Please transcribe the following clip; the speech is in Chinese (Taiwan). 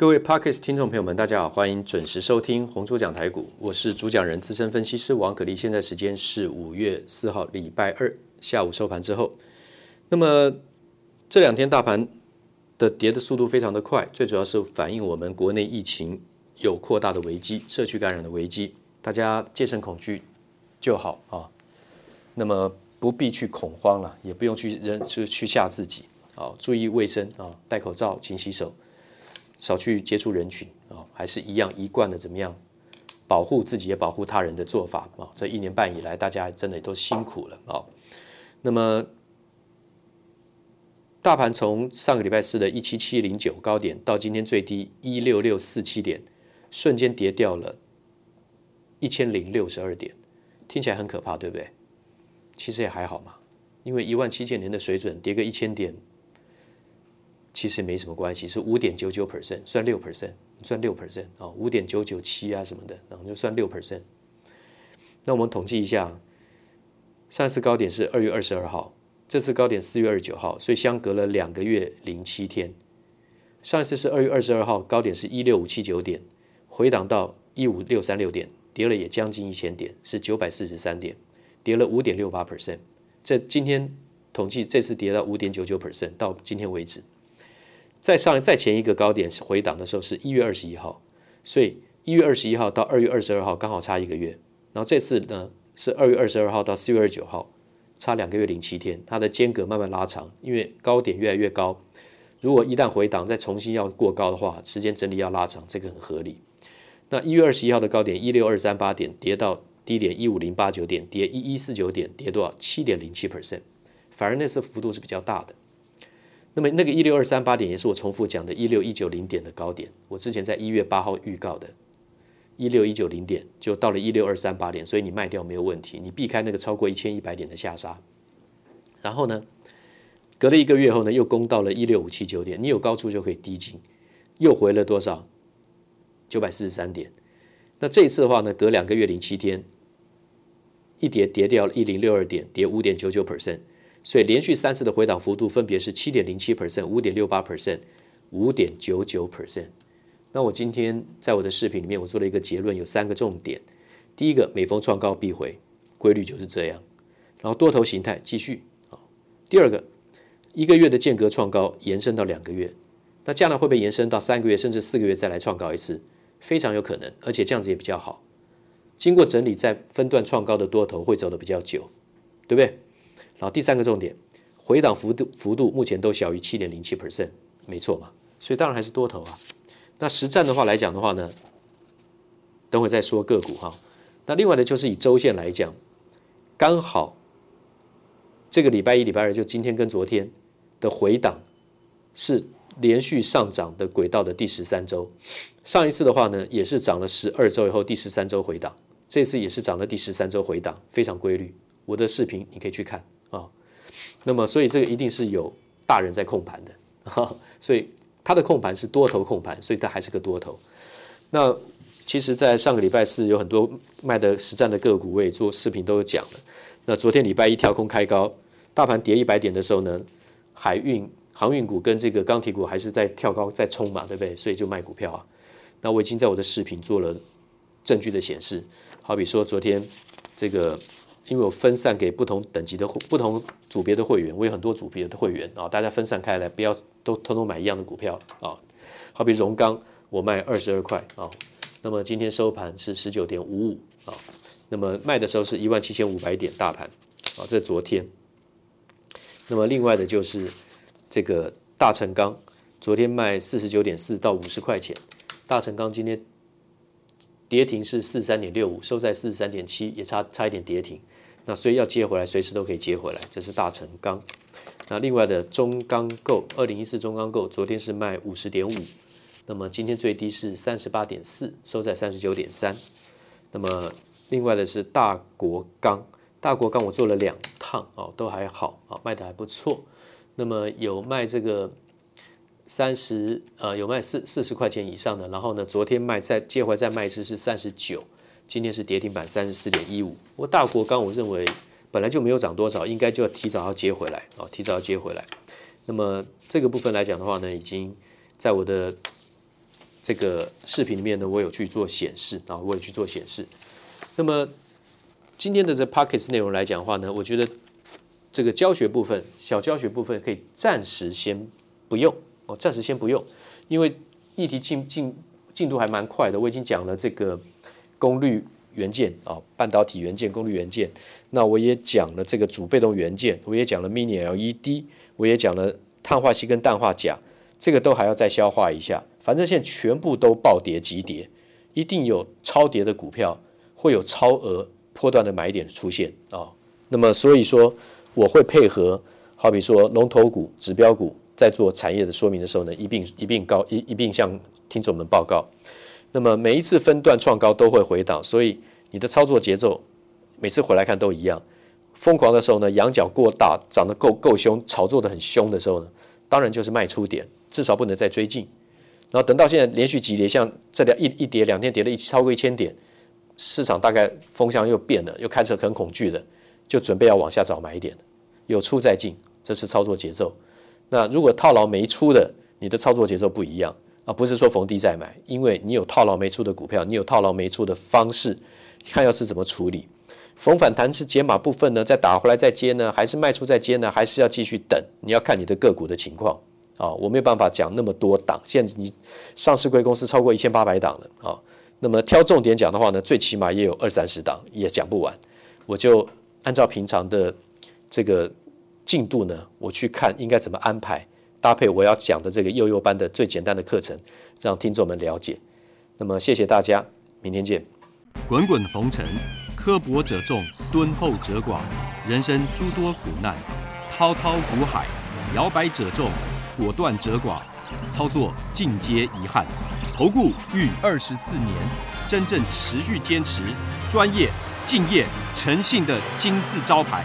各位 Podcast 聽眾朋友們，大家好，歡迎準時收聽紅豬講台股，我是主講人資深分析師王可立。現在時間是五月四號禮拜二下午收盤之後。那麼這兩天大盤的跌的速度非常的快，最主要是反映我們國內疫情有擴大的危機，社區感染的危機，大家戒慎恐懼就好啊。那麼不必去恐慌了，啊，也不用去人去去嚇自己，好，啊，注意衛生啊，戴口罩，勤洗手。少去接觸人群啊、哦，還是一樣一貫的怎麼樣保護自己也保護他人的做法啊、哦！這一年半以來，大家真的都辛苦了啊、哦！那麼，大盤從上個禮拜四的一七七零九高點到今天最低一六六四七點，瞬間跌掉了，一千零六十二點，聽起來很可怕，對不對？其實也還好嘛，因為一萬七千年的水準跌個一千點。其實沒什麼關係，是五點九九 percent，算六 percent，算六 percent 啊，五點九九七啊什麼的，然後就算六 percent。那我們統計一下，上一次高點是二月二十二號，這次高點四月二十九號，所以相隔了兩個月零七天。上一次是二月二十二號高點是一六五七九點，回檔到一五六三六點，跌了也將近一千點，是九百四十三點，跌了五點六八 percent。這今天統計這次跌到五點九九 percent，到今天為止。再上再前一個高點是回檔的時候，是一月二十一號，所以一月二十一號到二月二十二號剛好差一個月。然後這次呢是二月二十二號到四月二十九號，差兩個月零七天，它的間隔慢慢拉長，因為高點越來越高。如果一旦回檔再重新要過高的話，時間整理要拉長，這個很合理。那一月二十一號的高點一六二三八點，跌到低點一五零八九點，跌一一四九點，跌多少？七點零七 percent，反而那次幅度是比較大的。那麼那個一六二三八點也是我重複講的，一六一九零點的高點，我之前在一月八號預告的，一六一九零點就到了一六二三八點，所以你賣掉沒有問題，你避開那個超過一千一百點的下殺。然後呢，隔了一個月後呢，又攻到了一六五七九點，你有高出就可以低進，又回了多少？九百四十三點。那這一次的話呢，隔兩個月零七天，一跌跌掉了一零六二點跌，跌五點九九 percent。所以連續三次的回檔幅度分別是七點零七 percent、五點六八 percent、五點九九 percent。那我今天在我的視頻裡面，我做了一個結論，有三個重點。第一個，每逢創高必回，規律就是這樣。然後多頭形態繼續啊。第二個，一個月的間隔創高延伸到兩個月，那將來會不會延伸到三個月甚至四個月再來創高一次？非常有可能，而且這樣子也比較好。經過整理，在分段創高的多頭會走得比較久，對不對？好，第三個重點，回檔幅度幅度目前都小於七點零七 percent，沒錯嘛？所以當然還是多頭啊。那實戰的話來講的話呢，等會再說個股哈。那另外呢，就是以周線來講，剛好這個禮拜一、禮拜二就今天跟昨天的回檔是連續上漲的軌道的第十三周。上一次的話呢，也是漲了十二周以後第十三周回檔，這次也是漲了第十三周回檔，非常規律。我的視頻你可以去看。那麼，所以這個一定是有大人在控盤的，啊，所以他的控盤是多頭控盤，所以他還是個多頭。那其實，在上個禮拜四有很多賣的實戰的個股，我也做視頻都有講了。那昨天禮拜一跳空開高，大盤跌一百點的時候呢，海運航運股跟這個鋼鐵股還是在跳高在衝嘛，對不對？所以就賣股票啊。那我已經在我的視頻做了證據的顯示，好比說昨天這個。因為我分散給不同等級的、不同組別的會員，我有很多組別的會員啊、哦，大家分散開來，不要都通通買一樣的股票啊、哦。好比榮剛，我賣二十二塊啊、哦，那麼今天收盤是十九點五五啊，那麼賣的時候是一萬七千五百點大盤啊、哦，這是昨天。那麼另外的就是這個大成鋼，昨天賣四十九點四到五十塊錢，大成鋼今天。跌停是四三點六五，收在四三點七，也差差一點跌停。那所以要接回來，隨時都可以接回來。這是大成鋼。那另外的中鋼構，二零一四中鋼構昨天是賣五十點五，那麼今天最低是三十八點四，收在三十九點三。那麼另外的是大國鋼，大國鋼我做了兩趟啊、哦，都還好啊、哦，賣得還不錯。那麼有賣這個。三十呃，有賣四四十塊錢以上的，然後呢，昨天賣再接回來再賣一次是三十九，今天是跌停板三十四點一五。我大國鋼我認為本來就沒有漲多少，應該就要提早要接回來啊、哦，提早要接回來。那麼這個部分來講的話呢，已經在我的這個視頻裡面呢，我有去做顯示，然後我有去做顯示。那麼今天的這 pockets 內容來講的話呢，我覺得這個教學部分小教學部分可以暫時先不用。暫、哦、時先不用，因為議題進進進度還蠻快的。我已經講了這個功率元件啊、哦，半導體元件、功率元件。那我也講了這個主被動元件，我也講了 mini LED，我也講了碳化硅跟氮化鎵。這個都還要再消化一下。反正現在全部都暴跌急跌，一定有超跌的股票，會有超額波段的買點出現啊、哦。那麼所以說，我會配合，好比說龍頭股、指標股。在做產業的說明的時候呢，一併一併高一一併向聽眾們報告。那麼每一次分段創高都會回檔，所以你的操作節奏每次回來看都一樣。瘋狂的時候呢，仰角過大，漲得夠夠凶，炒作得很凶的時候呢，當然就是賣出點，至少不能再追進。然後等到現在連續急跌，像這兩一一跌兩天跌了一超過一千點，市場大概風向又變了，又開始很恐懼了，就準備要往下找買點，有出再進，這是操作節奏。那如果套牢沒出的，你的操作節奏不一樣啊，不是說逢低再買，因為你有套牢沒出的股票，你有套牢沒出的方式，看要是怎麼處理。逢反彈是減碼部分呢，再打回來再接呢，還是賣出再接呢，還是要繼續等？你要看你的個股的情況啊，我沒有辦法講那麼多檔。現在你上市櫃公司超過一千八百檔了啊，那麼挑重點講的話呢，最起碼也有二三十檔，也講不完。我就按照平常的這個。進度呢，我去看應該怎麼安排，搭配我要講的這個幼幼班的最簡單的課程，讓聽眾們了解。那麼謝謝大家，明天見。滾滾紅塵，刻薄者眾，敦厚者寡，人生諸多苦難，滔滔苦海，搖擺者眾，果斷者寡。操作盡皆遺憾，投顧逾二十四年，真正持續堅持，專業、敬業、誠信的金字招牌。